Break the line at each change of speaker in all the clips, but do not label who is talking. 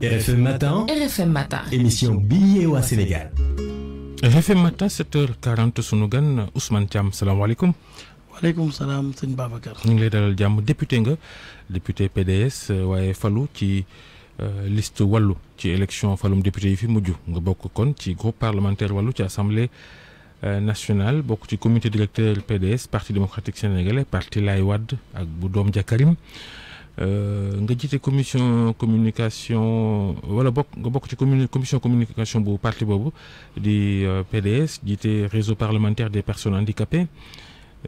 RFM Matin. RFM Matin. Émission bi au Sénégal. RFM Matin 7h40 sunu gan Ousmane Thiam alaikum. Alaykoum salam, salam. Babacar. ñu sommes lay dalal député nga député PDS euh, waaye qui ci euh, liste Wallu, ci élection Falou député yi fi mujj nga bokk kon groupe parlementaire Walou. ci assemblée euh, nationale bokk ci comité directeur PDS parti démocratique sénégalais parti Laïwad, avec ak bu euh, nga jité commission communication wala bokk nga bokk ci commission communication bu parti bobu di euh, PDS jité réseau parlementaire des personnes handicapées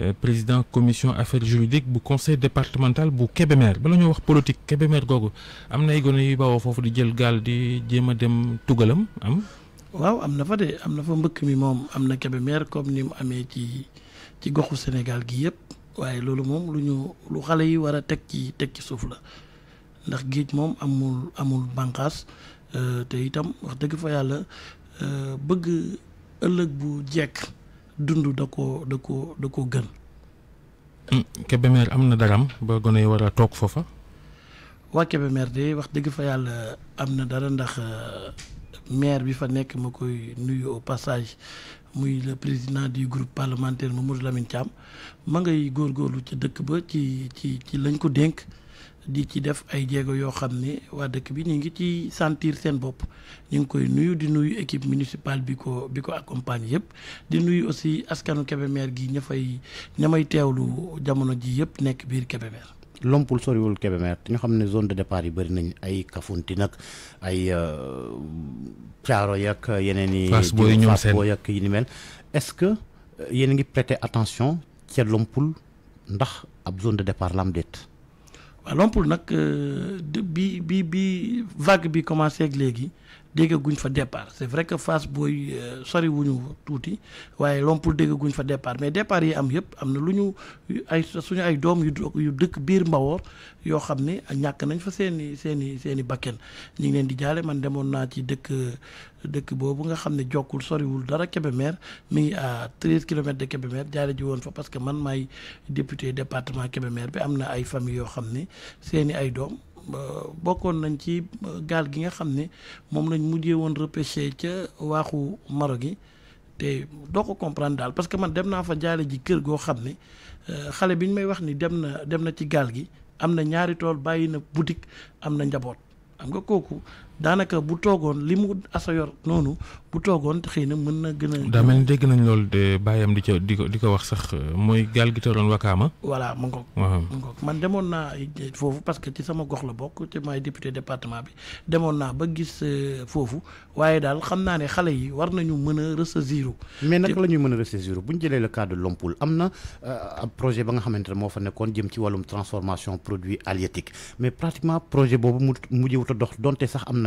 euh, président commission affaires juridiques bu conseil départemental bu Kébémer bala ñoo wax politique Kébémer googu amna na ay yu bawo fofu di jël gal di jema dem tugalam am.
waaw amna fa de amna fa mbëkk mi mom amna Kébémer comme ni mu amee ci ci goxu Sénégal gi yépp waaye loolu moom lu ñu lu xale yi war a teg ci teg ci suuf la ndax géej moom amul amul bànqaas euh, te itam wax dëgg fa yàlla euh, bëgg ëllëg bu jekk dund da ko da ko da ko gën.
Hmm, Kébémer am na daram ba gone yi war a toog foofa.
waa Kébémer de wax dëgg fa yàlla am na dara ndax euh, maire bi fa nekk ma koy nuyu au passage. muy le président du groupe parlementaire Mamadou Lamine Thiam ma ngay gorlu ci dëkk ba ci ci ci lañ ko denk di ci def ay jéego yoo xam ne waa dëkk bi ñu ngi ci sentir seen bopp ñu ngi koy nuyu di nuyu équipe municipale bi ko bi ko accompagne yépp di nuyu aussi askanu maire gi ña fay ña may teewlu jamono ji yëpp nekk biir maire
Lompoul soriwul Kébémer te ñu xam ne zone de départ yi bëri nañ ay Kafountine ak ay euh, Thiaroye ak yeneen i. Fass Boye ñoom seen Fass ak est-ce que euh, yéen a ngi prêter attention ca Lompoul ndax ab zone de départ la am déet.
nak Lompoul euh, bi bi bi vague bi commencer ak léegi déggaguñ fa départ c'est vrai que face boy euh, sori wuñu tuuti waaye Lompoul déggaguñ fa départ mais départ yi am yëpp am na lu ñu ay suñu ay doom yu yu dëkk biir Mbawor yoo xam ne ñàkk nañ fa seen i seen i seen i bakken ñu ngi leen di jaale man demoon naa ci dëkk dëkk boobu nga xam ne jokkul soriwul dara Kébémer mi ngi à treize kilomètres de Kébémer jaale ji woon fa parce que man may député département Kébémer bi am na ay famille yoo xam ne seen i ay doom bokkoon nañ ci euh, gaal gi nga xam ne moom lañ mujjee woon repêché ca waaxu maro gi te doo ko comprendre daal parce que man dem naa fa jaale ji kër goo xam ne euh, xale bi ñu may wax ni dem na dem na ci gaal gi am na ñaari tool bàyyi na boutique am na njaboot am nga kooku daanaka bu toogoon li mu asa yor noonu bu toogoon xëy na mën na gën a. daa mel ni
dégg nañ loolu de bàyyam di ca di ko di ko wax sax euh, mooy gaal gi toroon wakaama. voilà mu ngoog. mu
ngoog man demoon naa eh, eh, foofu parce que ci sama gox la bokk ci maay député département bi demoon naa ba gis euh, foofu waaye daal xam naa ne xale yi war nañu mën a ressaisir.
mais naka la ñuy mën a ressaisir bu ñu jëlee la cas de Lompoul am na euh, ab projet ba nga xamante ne moo fa nekkoon jëm ci wàllum transformation produit halieutique mais pratiquement projet boobu mu mujjewut a dox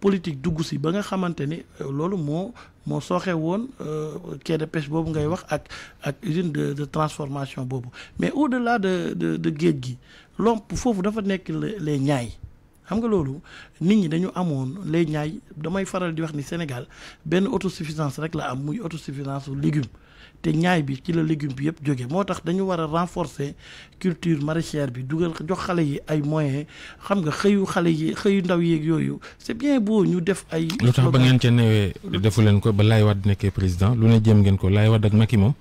politique du si ba nga xamante ni mo euh, moo moo euh, woon quai de pêche bobu ngay wax ak ak usine de de transformation bobu mais au-delà de de de géej gi lomp fofu dafa nekk les ñaay xam nga lolu nit ñi dañu amone les ñaay damay faral di wax ni Sénégal ben autosuffisance rek la am muy autosuffisance légumes te ñaay bi ci la légume bi yëpp jóge moo tax dañu war a renforcer culture maraîchère bi dugal jox xale yi ay moyen xam nga xëyu xale yi xëyu ndaw yeeg yooyu c'est bien beau ñu def ay. lu tax ba ngeen
ca newee defu leen ko ba Laye Wade nekkee président lu ne jëm ngeen ko Laye Wade ak Macky moom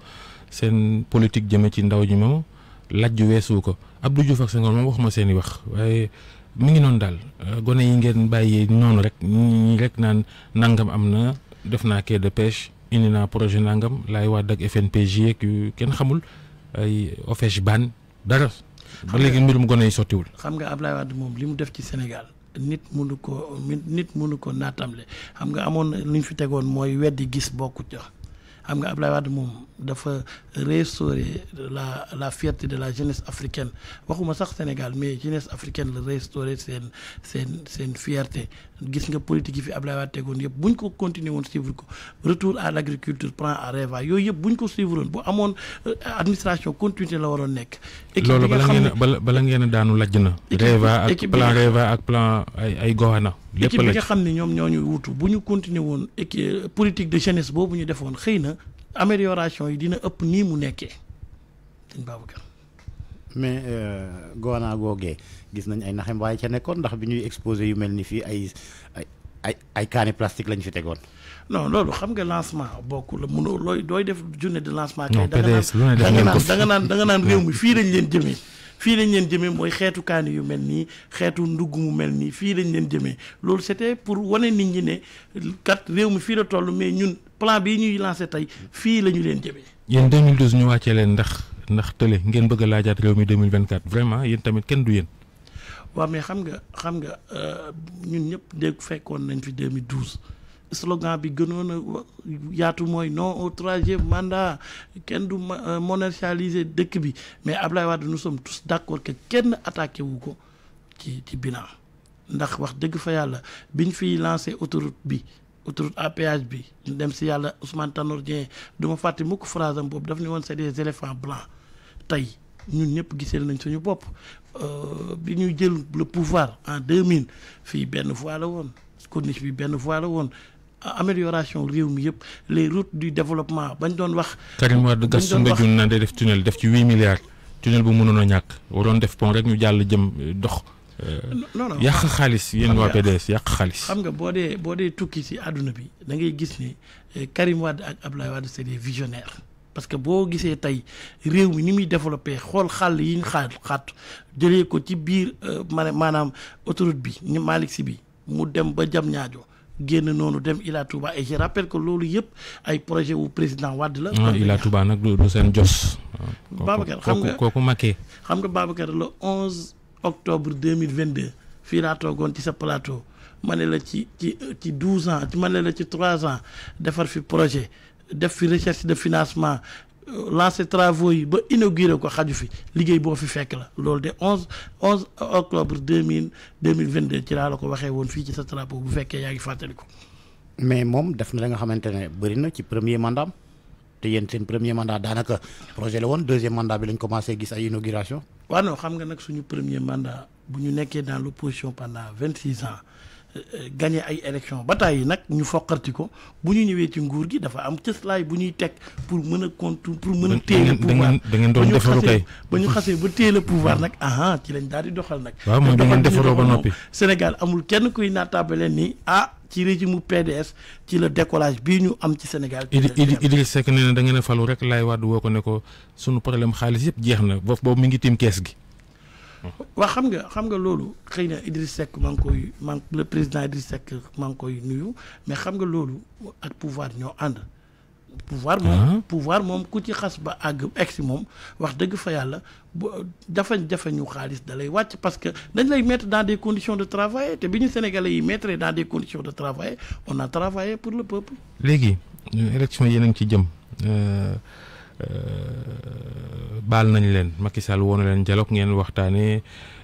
seen politique jëme ci ndaw ji moom laaj lajj weesu ko ab du Diouf ak Senghor moom waxuma seen i wax waaye. mu ngi noonu daal euh, gone yi ngeen bàyyi noonu rek ñi rek naan nangam am na def naa quai de pêche a un projet nangam projet wad ak FNPJ ak qui, xamul ay Qui ban dara. xam léegi mbirum gone yi wul
xam nga ablay wad mom limu def ci Sénégal nit munu ko nit munu ko xam nga na fi est moy weddi gis xam nga Wade restaurer la la fierté de la jeunesse africaine waxuma sax Sénégal mais jeunesse africaine restaurer fierté gis politique fi continuer suivre retour à l'agriculture, agriculture à Areva buñ ko suivre bu euh, administration continuité la waroon nekk.
plan Reva équipe bi nga xam
ne ñoom ñoo ñuy wutu bu ñu continuer woon équipe euh, politique de jeunesse boobu ñu defoon xëy na amélioration yi dina ëpp nii mu nekkee dañ Babacar
mais euh, goona googee gis nañ ay naxem waaye ca nekkoon ndax bi ñuy exposé yu mel ni fii ay ay ay ay kaani plastique lañu fi tegoon non loolu xam nga
lancement bokkul la mënoo looy dooy def journée de lancement kay da naan da naan réew mi fii lañ leen jëmee fii lañ leen jëmee mooy xeetu kaani yu mel nii xeetu ndugg mu mel nii fii lañ leen jëmee loolu c'était pour wane nit ñi ne kat réew mi fii la toll mais ñun plan bii ñuy lancé tey fii la ñu leen jëmee.
yéen 2012 ñu wàccee leen ndax ndax tële ngeen bëgg a laajaat réew mi 2024 vraiment yéen tamit kenn du yéen.
waa mais xam nga xam nga euh, ñun ñëpp dégg fekkoon nañ fi 2012. slogan bi gënoon a yaatu moy non au troisième mandat ken du euh, monétaliser dëkk bi mais Ablaye Wade nous sommes tous d'accord que ken attaqué wu ko ci ci bina ndax wax deug fa yalla biñ fi lancer autoroute bi autoroute à péage bi dem ci yalla Ousmane Tanor duma du ma mukk phrase am boobu daf ni won c'est des éléphants blancs tay ñun ñep giseel nañ suñu bopp euh, bi ñuy jël le pouvoir en 2000
fi benn voie
la woon corniche bi benn voie la won amélioration réew mi les routes du développement bañ doon wax. Karim Wade gas su Mbédioune
def tunnel def ci huit milliards tunnel bu mënono ñak waron def pont rek ñu jall jëm euh, dox. non non euh, yàq xaalis yéen waa PDS yak khalis
xam nga bo dee bo dee tukki ci aduna bi da ngay gis ni euh, Karim Wade ak Abdoulaye Wade c'est des visionnaires. parce que bo gisee tay réew mi ni muy développer xol xal yi ñu xaat xaat ko ci biir manam autoroute bi ni maliksi Sy bi mu dem ba jam ñaajo génn noonu dem Ila Touba et je rappelle que loolu yëpp ay projet wu président Wade la. Ah, Ila
Touba nag du seen jos. Ah,
Babacar xam nga kooku Macky xam nga Babacar le 11 octobre 2022 fii laa toogoon ci sa plateau ma ne la ci ci ci 12 ans ma ne la ci trois ans defar fi projet def fi recherche de financement lancé travaux yi ba inauguré ko xaju fi liggéey bo fi fekk la lolou de 11 11 octobre 2000 2022 ci la ko waxee won fi ci sa drapeau bu fekkee yaa ngi mais mom def na la nga xamantene na
ci premier mandat te yeen seen premier mandat danaka projet la won deuxième mandat bi lañ commencé gis
ay inauguration wa non xam nga nak suñu premier mandat bu ñu nekkee dans l'opposition pendant 26 ans. gagné ay élection ba tàyyi nag ñu foqati ko bu ñu ñëwee ci nguur gi dafa am cëslaay bu ñuy teg pour mën a contour pour mën a téye le pouvoir da ngeen doon defaru kay ba ñu xasee ba téye le pouvoir nag aha ci lañ daal di doxal nag waaw moom da ngeen defaroo ba noppi Sénégal amul kenn kuy naataaba leen ni ah ci régime PDS ci la décollage bii ñu am ci Sénégal. Idriss
Seck nee na da ngeen a falu rek laay wàddu woo ko ne ko sunu problème xaalis yëpp jeex na boobu mi ngi tiim kees gi
wax xam nga xam nga loolu xëy na Idriss Seck maa ngi koy man le président Idriss Seck maa ngi koy nuyu mais xam nga loolu ak pouvoir ñoo ànd. pouvoir moom ah. pouvoir moom ku ci xas ba àgg egsi moom wax dëgg fa yàlla jafe-jafe ñu xaalis da lay wàcc parce que dañ lay mettre dans des conditions de travail te bi ñu sénégalais yi mettre dans des conditions de travail on a travaillé pour le peuple.
léegi euh, élection yi nañ ci jëm. Euh, Euh, baal nañ leen Macky Sall woon na leen dialogue ngeen waxtaanee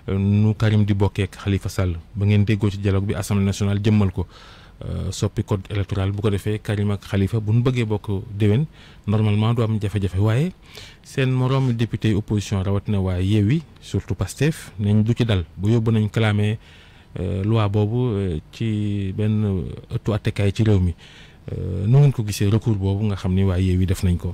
euh, nu Karim di bokkee xalifa sàll ba ngeen déggoo ci dialogue bi assemblée nationale jëmmal ko euh, soppi code électoral bu ko defee Karim ak Khalifa bu nu bëggee bokk déwén normalement du am jafe-jafe waaye seen moroom député opposition rawatina waa yi surtout Pastef nañ du ci dal bu yóbbu nañ kalaamee loi boobu ci benn ëttu attekaay ci réew mi nu ngeen ko gisee recours boobu nga xam ni waa Yewwi def nañ ko.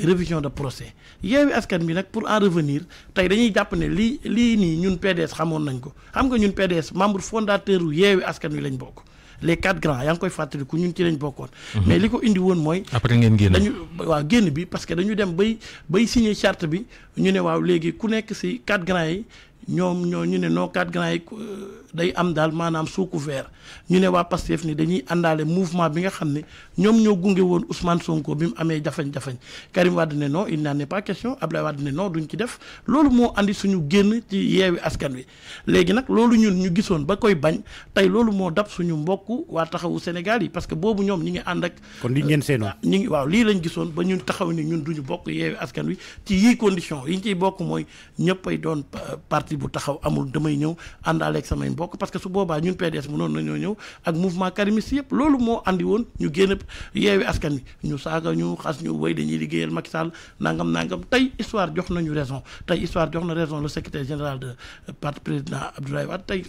révision de procès yeewi askan bi nak pour en revenir tay dañuy japp né li li ni ñun PDS xamoon nañ ko xam nga ñun PDS membre fondateur wu askan wi lañ bokk les quatre grands yang koy koy ku ñun ci lañ bokkoon. Mhm. mais liko indi won moy
après ngeen génn dañu
waaw génn bi parce que dañu dem bay bay signer charte bi ñu né waaw légui ku nekk si quatre grands yi. ñoom ñoo ñu ne noo quatre grands yi euh, day am daal maanaam sous couvert ñu ne waa Pastef ni dañuy àndaale mouvement bi nga xam ne ñoom ñoo gunge woon Ousmane Sonko bi mu amee jafañ-jafañ Karim Wade ne non il n'en est pas question Abdoulaye ne non duñ ci def loolu moo andi suñu génn ci yeewi askan wi léegi nag loolu ñun ñu gisoon ba koy bañ tey loolu moo dab suñu mbokk waa taxawu Sénégal yi parce que boobu ñoom ñi ngi ànd ak kon li ngeen seenoon ñi ngi waaw lii lañ gisoon ba ñun taxaw ni ñun duñu bokk yeewi askan wi ci yii condition yi ñu ciy bokk mooy ñëppay doon parti parti bu taxaw amul damay ñëw àndaale ak samay mbokk parce que su boobaa ñun PDS mënoon nañoo ñëw ak mouvement karimiste yëpp loolu moo andi woon ñu génn yeewi askan wi ñu saaga ñu xas ñu way dañuy liggéeyal Macky Sall nangam nangam tey histoire jox nañu raison tey histoire jox na raison le secrétaire général de parti président Abdoulaye Wade tey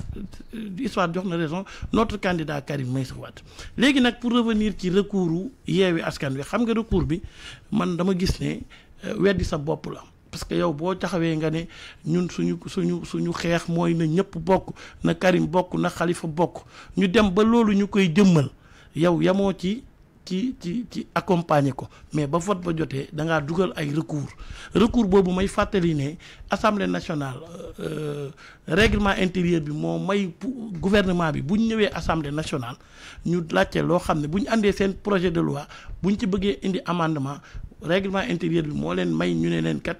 euh, histoire jox na raison notre candidat Karim Meïssa Wade léegi nag pour revenir ci recours u yeewi askan wi xam nga recours bi man dama gis ne euh, weddi sa bopp la parce que yow boo taxawee nga ne ñun suñu suñu suñu xeex mooy na ñëpp bokk na Karim bokk na xalifa bokk ñu dem ba loolu ñu koy jëmmal yow yamoo ci ci ci ci accompagner ko mais ba vote ba jotee dangaa dugal ay recours recours boobu may fàttali ne assemblée nationale euh, euh, règlement intérieur bi moo may gouvernement bi bu ñu ñëwee assemblée nationale ñu laajte loo xam ne bu ñu àndee seen projet de loi buñ ci bëggee indi amendement règlement intérieur bi moo leen may ñu ne leen kat.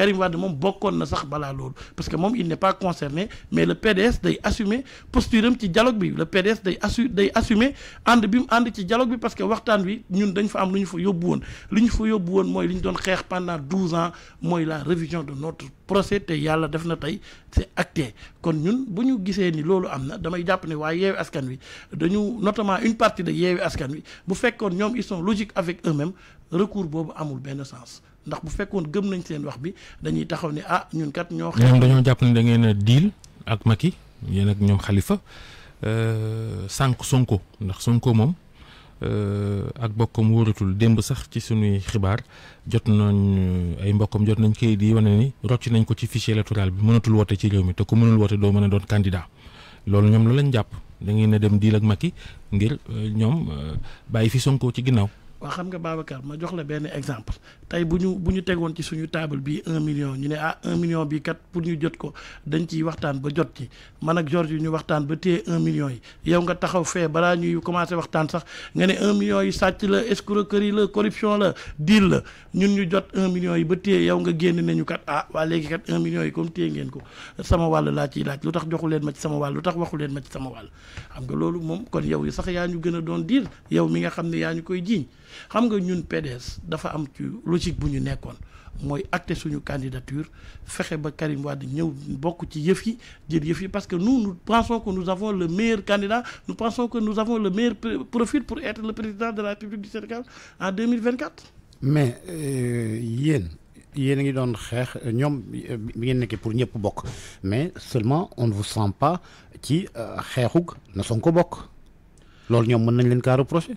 Karim Wade parce que il n'est pas concerné mais le PDS day assumer posture ci dialogue le PDS day assumé day assumer dialogue parce que waxtan wi ñun dañ fa am luñu fa yobbu won luñu fa yobbu pendant 12 ans la révision de notre procès c'est acté kon ñun nous ni damay askan notamment une partie de askan wi bu ils sont logiques avec eux-mêmes recours bobu amul ndax bu fekkoon gëm nañ seen wax bi dañuy taxaw ne ah ñun kat ñoo. ñoom dañoo
japp ne da ngeen a diil ak maki yéen ak ñoom Khalifa euh, sank Sonko ndax Sonko moom euh, ak bokkom wóoratul démb sax ci suñuy xibaar jot nañ euh, ay mbokkom jot nañ kayit yi wane ni rocc nañ ko ci fichier électoral bi mënatul woote ci réew mi te ku mënul woote doo mën a doon candidat loolu ñoom lu lañ jàpp da ngeen a dem diil ak maki ngir ñoom bàyyi fi Sonko ci ginnaaw.
waa xam nga Babacar ma jox la benn exemple tey bu ñu bu ñu tegoon ci suñu table bii un million ñu ne ah un million bii kat pour ñu jot ko dañ ciy waxtaan ba jot ci man ak George ñu waxtaan ba téye un million yi yow nga taxaw fee balaa ñuy commencé waxtaan sax nga ne un million yi sàcc la escroquerie la corruption la deal la ñun ñu jot un yi ba téye yow nga génn nañu kat ah waa léegi kat un million yi comme téye ngeen ko sama wàll laaj yi laaj lu tax joxu leen ma ci sama wàll lu tax waxu leen ma ci sama wàll xam loolu moom kon yow sax yaa ñu gën a doon diir yow mi nga xam ne yaa ñu koy jiiñ xam nga ñun PDS dafa am ci logique bu ñu nekkoon mooy acté suñu candidature fexe ba Karim Wade ñëw bokk ci yëf yi jël yëf yi parce que nous nous pensons que nous avons le meilleur candidat nous pensons que nous avons le meilleur profil pour être le président de la République du Sénégal en 2024
mais euh, yéen yéen a ngi doon xeex ñoom euh, bi ngeen pour ñëpp mais seulement on ne vous sent pas ci euh, xeexug na Sonko bokk loolu ñoom mën nañ leen kaa reprocher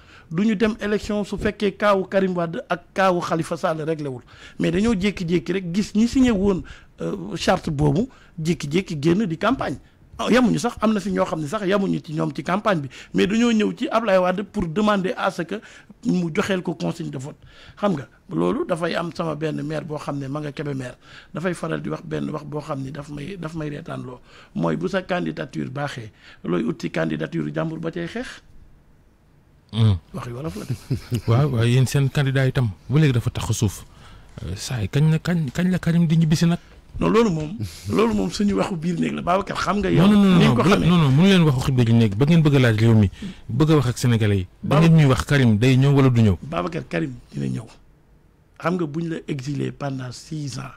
du ñu dem élection su fekkee kaawu Karim Wade ak kaawu xalifa Sall réglé wul mais dañoo jékki-jékki rek gis ñi signé woon euh, chart boobu jékki-jékki génn di campagne ah, yamuñu sax am na si ñoo xam ne sax yamuñu ci ñoom ci campagne bi mais dañoo ñëw ci Ablaye Wade pour demander à ce que mu joxeel ko consigne de vote xam nga loolu dafay am sama benn maire boo xam ne ma nga kebe maire dafay faral di wax benn wax boo xam ni daf may daf may reetaan loo mooy bu sa baaxee looy ut ci candidature jàmbur ba cay xeex Mm. wax yu wolof la
de. waaw waaye yéen seen candidat itam bu léegi dafa tax suuf euh, saa yi kañ la kañ kañ la Karim di ñibbisi nag. non loolu
moom. loolu moom suñu waxu biir néeg la Babacar xam nga. yow ni nga ko
xamee non non leen waxu xibbi biir néeg ba ngeen bëgg a laaj réew mi bëgg a wax ak sénégalais yi. ba ñuy wax Karim day ñëw wala du ñëw. Babacar Karim dina ñëw
xam nga buñ la exilé pendant six ans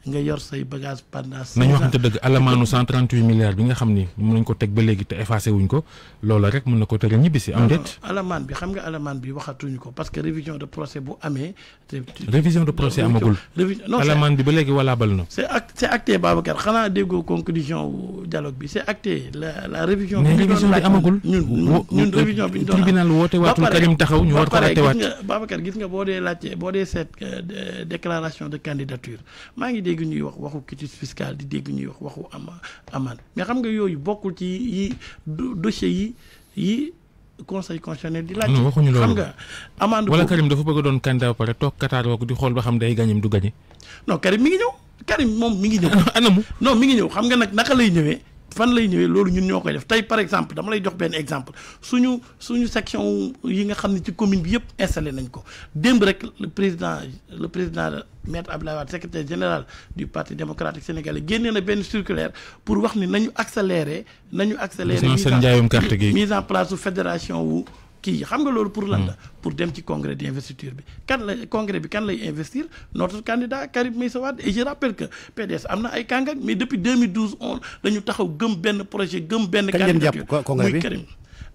nga yor say bagage pendant. nañu waxante dëgg alamaanu
138 milliards bi nga xam ni mën nañ ko teg ba léegi te effacé wuñ ko loola rek mën na ko tere ñibbi si
alamaan bi xam nga alamaan bi waxatuñ ko parce que révision de procès bu amee. révision de procès amagul. alamaan
bi ba léegi wala bal na.
c' est act c' est xanaa déggoo conclusion dialogue bi c' est la révision. bi amagul ñun ñun ñu woote waatul Karim taxaw ñu war ko raté waat. Babacar gis nga boo dee laajte boo dee seet euh, déclaration de candidature maa ngi dégg ñuy wax waxu quitus fiscale di dégg ñuy wax waxu ama amande mais xam nga yooyu bokkul ci yi dossier yi yi conseil constitutionnel di laaj. waxuñu loolu xam nga
amande. wala Karim dafa bëgg doon candidat ba pare toog catalogue di xool ba xam day gañam du gañe.
non Karim mi ngi ñëw Karim moom mi ngi ñëw. anamu non mi ngi ñëw xam nga nag naka lay ñëwee. fan lay ñëwé loolu ñun ñoo koy def tey par exemple dama lay jox benn exemple suñu suñu section yi nga xam ne ci commune bi yëpp installé nañ ko démb rek le président le président maître Abdoulaye Wade secrétaire général du parti démocratique sénégalais génnee na benn circulaire pour wax ni nañu accélérer nañu accélérer mise en place su fédération wu kii xam nga loolu pour lan la hmm. pour dem ci congrès d' investiture bi kan la congrès bi kan lay investir notre candidat Karim Meïssa Wade et je rappelle que PDS am na ay kàngak mais depuis 2012 on lañu taxaw gëm benn projet gëm benn candidature muy Karim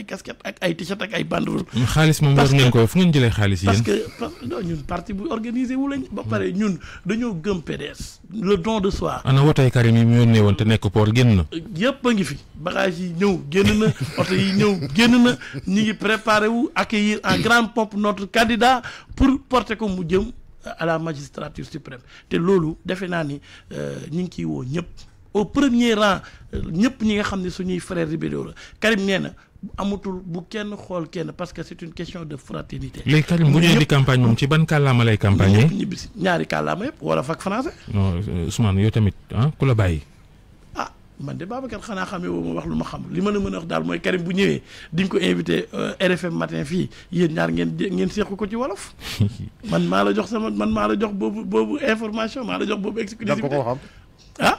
ay casquette ak ay t-shirt ak ay banderole.
xaalis moom war ngeen ko fu ngeen jëlee xaalis yéen. parce que
parce parti bu organisé wu lañ. ba pare ñun dañoo gëm PDS. le don de soi.
ana wootee Karim yi mu yónnee woon te nekk port génn na.
yëpp a ngi fi bagage yi ñëw génn na oto yi ñëw génn na ñu ngi préparé wu accueillir en grande pompe notre candidat pour porter ko mu jëm. à la magistrature suprême te loolu defe naa ni euh, ñu ngi ciy woo ñëpp au premier rang euh, ñëpp ñi nga xam ne suñuy frère amatul bu kenn xool kenn parce que c'est une question de fraternité. léegi Karim bu ñu di campagne moom
ci ban kàllaama lay campagne ñëpp ñibbi si
ñaari kàllaama yëpp wolof
ak français. non euh, Ousmane yow tamit ah ku la bàyyi.
ah man de Babacar xanaa xamee woo ma wax lu ma xam li ma la mën a wax daal mooy Karim bu ñëwee di nga ko invité euh, RFM matin fii yéen ñaar ngeen ngeen seequ ko ci wolof. man maa la jox sama man maa la jox boobu boobu information
maa la jox boobu. exclusivité da ko xam ah.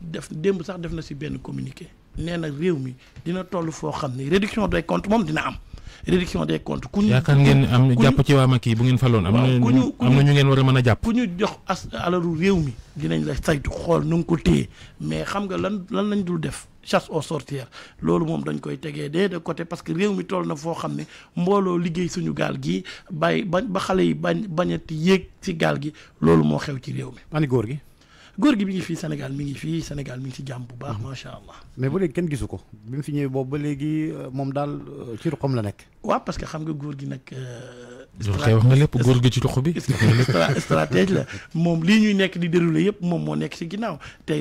def démb sax def na si benn communiqué nee na réew mi dina toll foo xam ne réduction des comptes moom dina am réduction des comptes. ku ñu yaakaar ngeen am jàpp
ci waa Macky bu ngeen faloon. am na ñu ngeen war a mën a jàpp.
ku ñu jox as alalu réew mi dinañ la saytu xool nu nga ko téye mais xam nga lan lan lañ dul def chasse aux sorcières loolu moom dañ koy tegee dee de côté parce que réew mi toll na foo xam ne mbooloo liggéey suñu gaal gi bàyyi ba ba xale yi bañ bañati yéeg ci gaal gi loolu moo xew ci réew mi. ani góor gi. góor gi mi ngi fii Sénégal mi ngi fii Sénégal mi ngi ci jàmm bu baax macha allah. mais ba léegi kenn gisu ko bi mu fi ñëwee boobu ba léegi moom daal ci ruqam la nekk. waaw parce que xam nga góor gi nag.
stratège wax nga lépp góor gi ci ruxu bi. stratège la
moom lii ñuy nekk di déroulé yëpp moom moo nekk ci ginnaaw te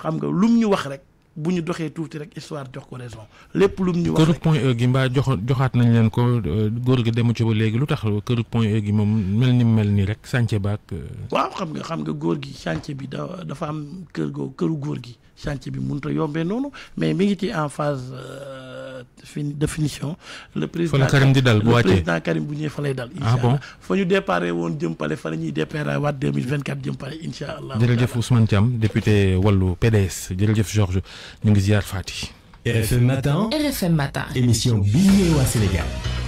xam nga lum ñu wax rek. buñu ñu doxee rek histoire jox ko raison
lepp lum ñu. wax këru point E gi mbaa jox joxaat nañ len ko euh, góor gi demu ci ba léegi lutax keur point E gi moom melni ni rek chantier bak euh,
waaw xam nga xam nga góor gi chantier bi dafa am keur go keuru góor gi chantier bi mënut yombé yombee mais mi ngi ci en phase euh,
de finition. le président Karim di dal bu wàccee le président Karim bu ñëwee fa lay dal. ah bon
fa ñu déparé won jëm pale fa la ñuy déparé waat 2024 jëm pale incha allah. jërëjëf
Ousmane Thiam député wàllu PDS jërëjëf Georges ñu ngi ziar Fatick. RFM matin RFM matin émission bii ñëwee Sénégal.